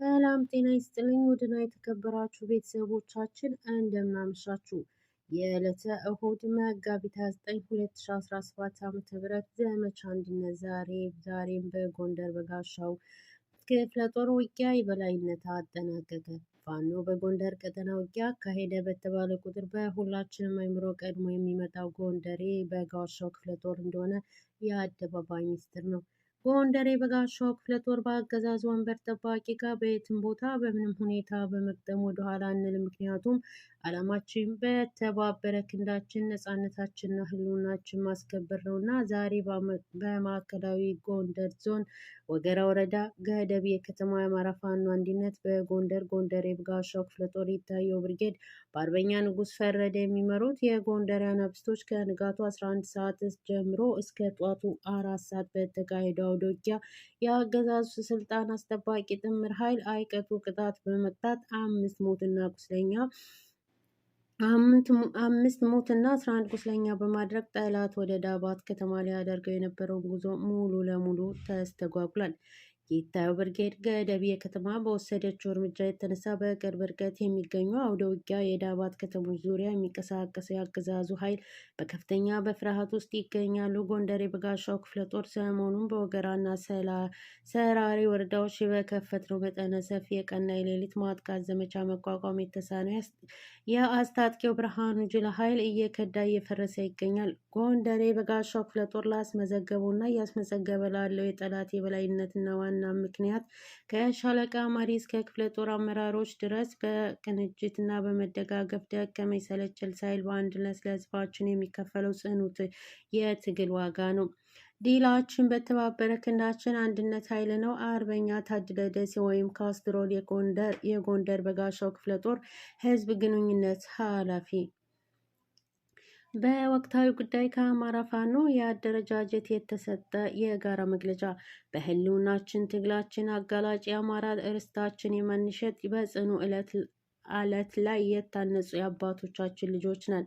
ሰላም ጤና ይስጥልኝ ውድና የተከበራችሁ ቤተሰቦቻችን እንደምናመሻችሁ። የዕለተ እሁድ መጋቢት 29 2017 ዓ.ም ዘመቻ አንድነት ዛሬ ዛሬም በጎንደር በጋሻው ክፍለ ጦር ውጊያ የበላይነት አጠናቀቀ። ፋኖ በጎንደር ቀጠና ውጊያ ካሄደ በተባለ ቁጥር በሁላችንም አይምሮ ቀድሞ የሚመጣው ጎንደሬ በጋሻው ክፍለ ጦር እንደሆነ የአደባባይ ሚስጥር ነው። ጎንደር የበጋሻው ክፍለ ጦር በአገዛዝ ወንበር ጠባቂ ጋር በየትም ቦታ በምንም ሁኔታ በመቅደም ወደኋላ አንልም። ምክንያቱም አላማችን በተባበረ ክንዳችን ነፃነታችንና ሕልውናችን ማስከበር ነው እና ዛሬ በማዕከላዊ ጎንደር ዞን ወገራ ወረዳ ገደብ የከተማ የአማራ ፋኖ አንድነት በጎንደር ጎንደር የበጋሻው ክፍለ ጦር ይታየው ብርጌድ በአርበኛ ንጉስ ፈረደ የሚመሩት የጎንደር አናብስቶች ከንጋቱ 11 ሰዓት ጀምሮ እስከ ጧቱ አራት ሰዓት በተካሄደው አውዶጊያ የአገዛዙ ስልጣን አስጠባቂ ጥምር ኃይል አይቀጡ ቅጣት በመቅጣት አምስት ሞትና ቁስለኛ አምስት ሞት እና አስራ አንድ ቁስለኛ በማድረግ ጠላት ወደ ዳባት ከተማ ሊያደርገው የነበረውን ጉዞ ሙሉ ለሙሉ ተስተጓጉሏል። ጌታው ብርጌድ ገደብ ከተማ በወሰደችው እርምጃ የተነሳ በቅርብ ርቀት የሚገኙ አውደ ውጊያ የዳባት ከተሞች ዙሪያ የሚንቀሳቀሰው የአገዛዙ ኃይል በከፍተኛ በፍርሃት ውስጥ ይገኛሉ። ጎንደር የበጋሻው ክፍለ ጦር ሰሞኑን በወገራና ሰራሪ ወረዳዎች በከፈትነው መጠነ ሰፊ የቀና የሌሊት ማጥቃት ዘመቻ መቋቋም የተሳነው የአስታጥቂው ብርሃኑ ጅላ ኃይል እየከዳ እየፈረሰ ይገኛል። ጎንደር የበጋሻው ክፍለ ጦር ላስመዘገበውና እያስመዘገበ ላለው የጠላት የበላይነትና ዋና ዋና ምክንያት ከሻለቃ መሪ እስከ ክፍለ ጦር አመራሮች ድረስ በቅንጅት እና በመደጋገፍ ደከመኝ ሰለቸኝ ሳይል በአንድነት ለህዝባችን የሚከፈለው ጽኑ የትግል ዋጋ ነው። ዲላችን በተባበረ ክንዳችን አንድነት ኃይል ነው። አርበኛ ታድለ ደሴ ወይም ካስትሮል የጎንደር በጋሻው ክፍለ ጦር ግንኙነት ኃላፊ በወቅታዊ ጉዳይ ከአማራ ፋኖ የአደረጃጀት የተሰጠ የጋራ መግለጫ። በህልውናችን ትግላችን አጋላጭ የአማራ ርስታችን የማንሸጥ በጽኑ አለት ላይ የታነጹ የአባቶቻችን ልጆች ነን።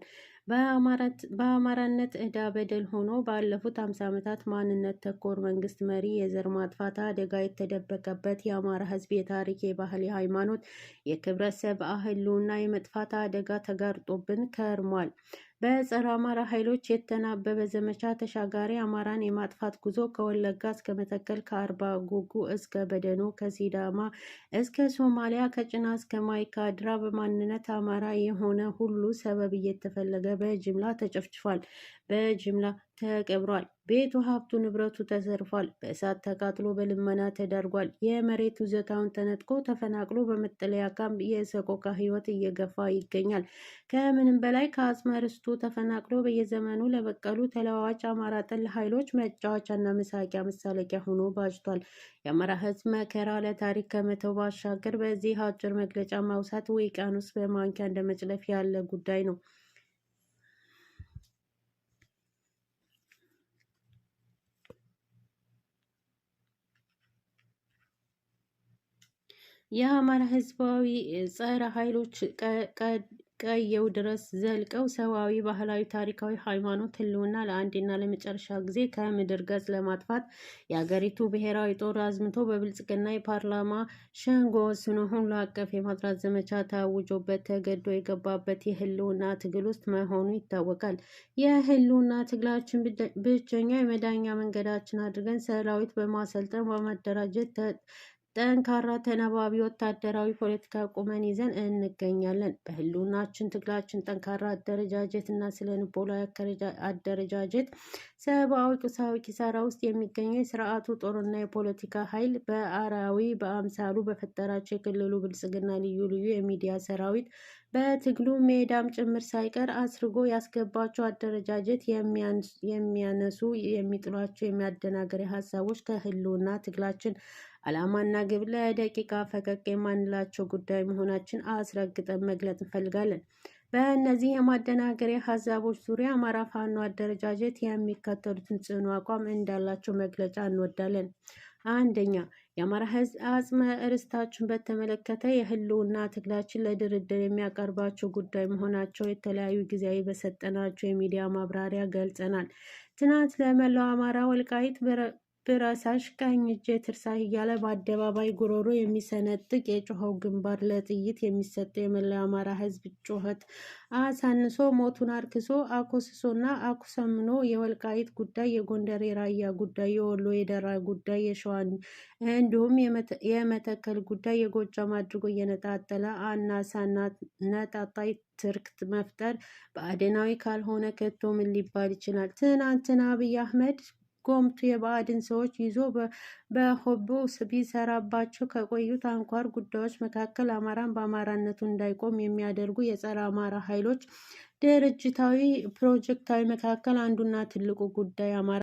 በአማራነት እዳ በደል ሆኖ ባለፉት 50 ዓመታት ማንነት ተኮር መንግስት መሪ የዘር ማጥፋት አደጋ የተደበቀበት የአማራ ሕዝብ የታሪክ፣ የባህል፣ የሃይማኖት፣ የክብረሰብ አህሉና የመጥፋት አደጋ ተጋርጦብን ከርሟል። በጸረ አማራ ኃይሎች የተናበበ ዘመቻ ተሻጋሪ አማራን የማጥፋት ጉዞ ከወለጋ እስከ መተከል፣ ከአርባ ጉጉ እስከ በደኖ፣ ከሲዳማ እስከ ሶማሊያ፣ ከጭና እስከ ማይካድራ በማንነት አማራ የሆነ ሁሉ ሰበብ እየተፈለገ በጅምላ ተጨፍጭፏል፣ በጅምላ ተቀብሯል። ቤቱ፣ ሀብቱ፣ ንብረቱ ተዘርፏል። በእሳት ተቃጥሎ በልመና ተዳርጓል። የመሬት ይዞታውን ተነጥቆ ተፈናቅሎ በመጠለያ ካምፕ የሰቆቃ ሕይወት እየገፋ ይገኛል። ከምንም በላይ ከአጽመርስቱ ተፈናቅሎ በየዘመኑ ለበቀሉ ተለዋዋጭ አማራ ጠል ኃይሎች መጫወቻና መሳቂያ መሳለቂያ ሆኖ ባጅቷል። የአማራ ሕዝብ መከራ ለታሪክ ከመተው ባሻገር በዚህ አጭር መግለጫ ማውሳት ውቅያኖስ በማንኪያ እንደመጭለፍ ያለ ጉዳይ ነው። የአማራ ህዝባዊ ጸረ ኃይሎች ቀየው ድረስ ዘልቀው ሰብአዊ፣ ባህላዊ፣ ታሪካዊ፣ ሃይማኖት ህልውና ለአንዴና ለመጨረሻ ጊዜ ከምድር ገጽ ለማጥፋት የአገሪቱ ብሔራዊ ጦር አዝምቶ በብልጽግና የፓርላማ ሸንጎ ወስኖ ሁሉ አቀፍ የማጥራት ዘመቻ ታውጆበት ተገዶ የገባበት የህልውና ትግል ውስጥ መሆኑ ይታወቃል። የህልውና ትግላችን ብቸኛ የመዳኛ መንገዳችን አድርገን ሰራዊት በማሰልጠን በማደራጀት ጠንካራ ተነባቢ ወታደራዊ ፖለቲካ ቁመን ይዘን እንገኛለን። በህልውናችን ትግላችን ጠንካራ አደረጃጀት እና ስነ ልቦናዊ አደረጃጀት፣ ሰብአዊ፣ ቁሳዊ ኪሳራ ውስጥ የሚገኘው የስርዓቱ ጦርና የፖለቲካ ኃይል በአራዊ በአምሳሉ በፈጠራቸው የክልሉ ብልጽግና ልዩ ልዩ የሚዲያ ሰራዊት በትግሉ ሜዳም ጭምር ሳይቀር አስርጎ ያስገባቸው አደረጃጀት የሚያነሱ የሚጥሏቸው የሚያደናገር ሀሳቦች ከህልውና ትግላችን ዓላማና ግብ ለደቂቃ ፈቀቅ የማንላቸው ጉዳይ መሆናችን አስረግጠን መግለጽ እንፈልጋለን። በእነዚህ የማደናገሪያ ሀሳቦች ዙሪያ አማራ ፋኖ አደረጃጀት የሚከተሉትን ጽኑ አቋም እንዳላቸው መግለጫ እንወዳለን። አንደኛ፣ የአማራ ህዝብ አጽመ ርስታችን በተመለከተ የህልውና ትግላችን ለድርድር የሚያቀርባቸው ጉዳይ መሆናቸው የተለያዩ ጊዜያዊ በሰጠናቸው የሚዲያ ማብራሪያ ገልጸናል። ትናንት ለመላው አማራ ወልቃይት ብረሳሽ ቀኝ እጄ ትርሳሽ እያለ በአደባባይ ጉሮሮ የሚሰነጥቅ የጮኸው ግንባር ለጥይት የሚሰጠው የመላው አማራ ሕዝብ ጩኸት አሳንሶ ሞቱን አርክሶ አኮስሶና አኩሰምኖ የወልቃይት ጉዳይ፣ የጎንደር የራያ ጉዳይ፣ የወሎ የደራ ጉዳይ፣ የሸዋ እንዲሁም የመተከል ጉዳይ የጎጃም አድርጎ እየነጣጠለ አናሳና ነጣጣይ ትርክት መፍጠር በአደናዊ ካልሆነ ከቶ ምን ሊባል ይችላል? ትናንትና አብይ አህመድ ጎምቱ የባዕድን ሰዎች ይዞ በሆቦ ቢሰራባቸው ከቆዩት አንኳር ጉዳዮች መካከል አማራን በአማራነቱ እንዳይቆም የሚያደርጉ የጸረ አማራ ኃይሎች ድርጅታዊ ፕሮጀክታዊ መካከል አንዱና ትልቁ ጉዳይ አማራ